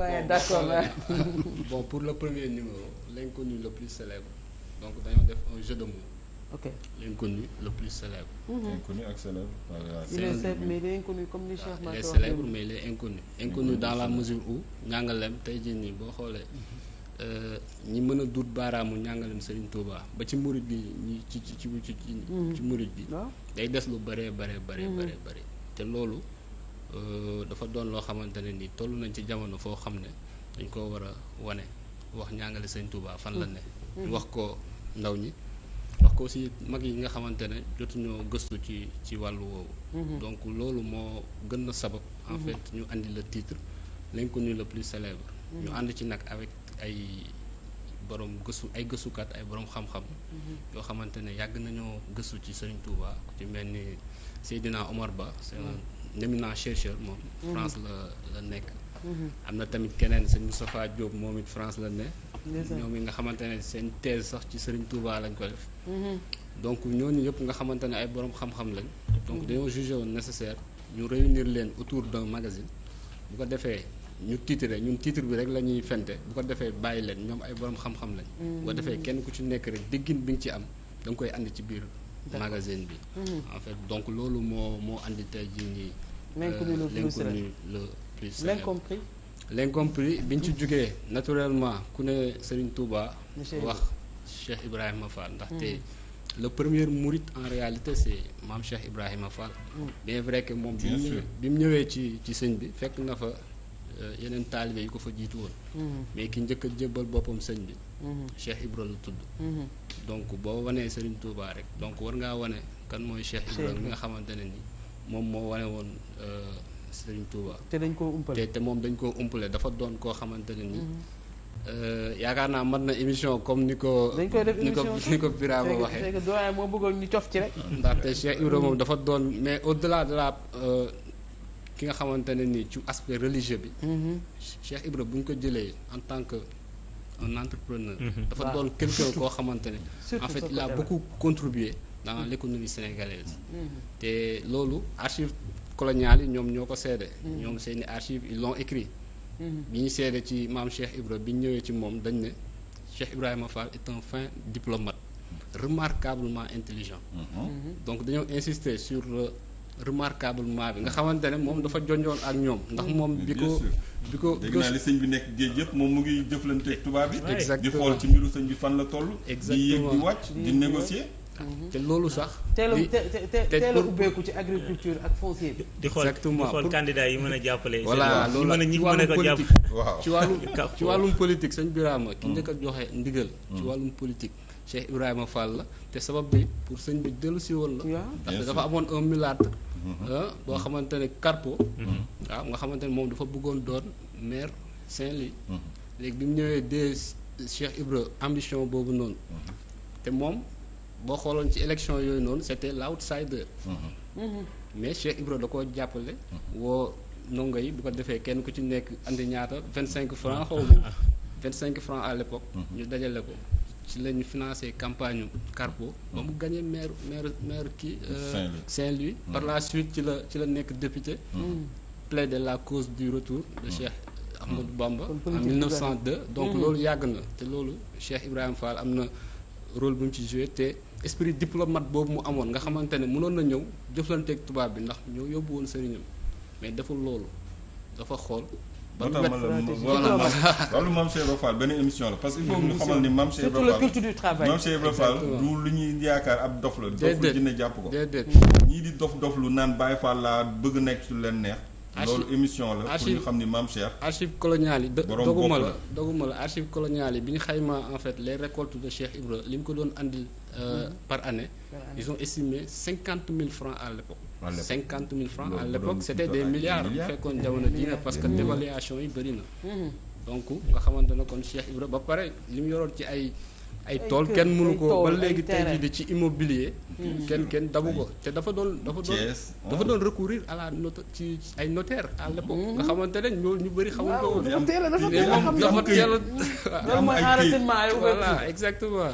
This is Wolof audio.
ouais, d'accord bon pour le premier numéro l'inconnu le plus célèbre donc dañoo def un jeu de mots. ok l'inconnu le plus célèbre. Mhm. l'inconnu ak célèbre. il est mais il est inconnu comme ni Cheikh Mate. il est célèbre mais il est inconnu. inconnu dans la mesure où ñàngalem tey jii nii boo xoolee euh, ñi mën a duut baaraamu ñàngalem Serigne Touba ba ci murid bi ci ci ci ci ci mhm. murid bi. day des lu bëree bëree bëree mhm. bëree bëri te loolu. Euh, dafa doon loo xamante ne ni toll nañ ci jamono foo xam ne dañ koo war a wane wax ñàngale sëñ Touba fan la mm. ne. Mm. wax ko ndaw ñi wax ko aussi mag yi nga xamante ne jotuñoo gëstu ci ci wàllu woowu. Mm-hmm. donc loolu moo gën a sabab. en mm-hmm. fait ñu andi le titre l'inconnu le plus célèbre. Mm-hmm. ñu ànd ci nag avec ay borom gëstu ay gëstukat ay boroom xam-xam. yoo xamante ne yàgg nañoo gëstu ci sëñ Touba ku ci mel ni Seydina Omar Ba. éminent chercheur moom mhm. France la la nekk mhm. am na tamit keneen sëñ Moustapha Diop moom it France la ne ñoom yi nga xamante ne seen thèse sax ci Serigne Touba lañ ko def mhm. donc ñooñu yëpp nga xamante ne ay boroom xam-xam lañ donc dañoo jugé woon nécessaire ñu réunir leen autour d'un magasin bu ko defee ñu titre ñun titre bi rek la ñuy fente bu ko defee bàyyi leen ñoom ay boroom xam-xam lañ bu ko defee kenn ku ci nekk rek déggin bi nga ci am da koy andi ci biir magazine bi en fait donc loolu moo moo andi tey jii nii Euh, l'inconnu le plus l'inconnu le plus l'incompris bi ñu ci jugee naturellement ku ne Serigne Touba wax Cheikh Ibrahima Fall ndaxte hmm. le première mouride en réalité c'est maam Cheikh Ibrahima Fall hmm. bien vrai que moom bi mu ñëwee ci ci sëñ bi fekk na fa euh, yeneen taalibe yi ko fa jiitu woon hmm. mais ki njëkk a jébbal boppam sëñ bi Cheikh Ibra la tudd donc boo wanee Serigne Touba rek donc war ngaa wane kan mooy Cheikh Ibra li nga xamante ne ni moom moo wane woon euh, Serigne Touba. te dañ koo umpale te moom dañ koo umpale dafa doon koo xamante ne nii. Mhm. Euh, yaakaar naa mën na émission comme ni ko. dañ koy def émission ni ko Birama waxee. c'est que doyen moo bëggoon ñu cof ci rek. ndaxte Cheikh Ibrahima moom dafa doon mais au delà de la euh, ki nga xamante ne nii ci aspect religieux bi. Mhm. Cheikh Ibrahima bu ñu ko jëlee en tant que. un entrepreneur. Mhm. dafa doon quelqu'un koo xamante ne. en fait il a beaucoup contribué. dans mm-hmm. l'économie sénégalaise mm-hmm. te loolu archive coloniale yi ñoom ñoo ko seede mm-hmm. ñoom seeni archive ils l'ont écrit bi ñu seede ci maam Cheikh Ibra bi ñu ñëwee ci moom dañ ne Cheikh Ibrahima Fall est un fin diplomate remarquablement intelligent donc dañoo insister sur le remarquablement bi nga xamante ne moom dafa jonjoon ak ñoom ndax moom bi ko bi ko dégg naa sëñ bi nekk géej moom mu ngi jëflante tubaab bi di xool ci mbiru sëñ bi fan la toll di yéeg di wàcc di négocier te loolu sax. teel a a ubbeeku ci agriculture ak foncier di xool di xool yi mën a jàppale. voilà loolu ci wàllum politique ci wàllum ci wàllum politique sëñ Birama ki mm. njëkk joxe ndigal. ci mm. wàllum politique. Cheikh Ibrahima Fall la te sabab bi pour sëñ bi dellu si woon la. ndaxte dafa amoon un milliard. Mm-hmm. Ah, boo mm-hmm. xamante ne Carpo. waaw mm-hmm. ah, nga xamante ne moom dafa bëggoon doon maire Saint-Louis. léegi bi mu ñëwee dee Cheikh Ibra ambition boobu noonu. te moom. boo xooloon ci élection yooyu noonu c' était l' mais Cheikh ibro da koo jàppale. woo ndongo yi bu ko defee kenn ku ci nekk andi ñaata vingt cinq franc xaw vingt cinq franc à l' mm-hmm. ñu dajale ko ci lañu financé campagne Carpo. Mm-hmm. ba mu gagné maire maire maire kii. Euh, Saint-Louis mm-hmm. par la suite ci la ci la nekk député. de la cause du retour de Cheikh. Ahmadou Bamba en 1902. donc loolu yàgg na te loolu Cheikh Ibrahima Fall am na. rôle bu mu ci joué te esprit diplomate boobu mu amoon nga xamante ne mënoon na ñëw jëflanteeg tubaab bi ndax ñëw yóbbu woon sëriñam mais deful loolu dafa xool. ba mu loolu Mame Cheikh Ibra Fall benn émission la parce que il faut ñu xamal ni Mame Cheikh Ibra Fall surtout lu ñuy yaakaar ab dof la. déedéet dof lu dina jàpp ko. déedéet ñii di dof dof lu naan Baye Fall laa bëgg nekk su leen neex. loolu émission la pour ñu xam ni maam Cheikh. archive coloniale yi doguma la doguma la archive coloniale yi bi ñu xayma en fait les récolte de Cheikh Ibra li mu ko doon andil euh, mhm. par année ils ont cinquante mille francs à l'époque cinquante mille francs à l'époque c'était des milliards bu fekkoon jamono ji parce que dévaluation yi bëri na mhm. donc nga xamante ne kon Cheikh Ibra ba pare li mu yoroon ci ay ay tool kenn mënu ko ba léegi tey jii di ci immobilier. Mm-hmm. kenn kenn dabu ko te dafa doon dafa doon dafa doon recourir à not ci ay notaire à l'époque mm-hmm. nga xamante ne ñooñu ñu bëri xamuñ ko woon. dafa teel a dafa teel a exactement.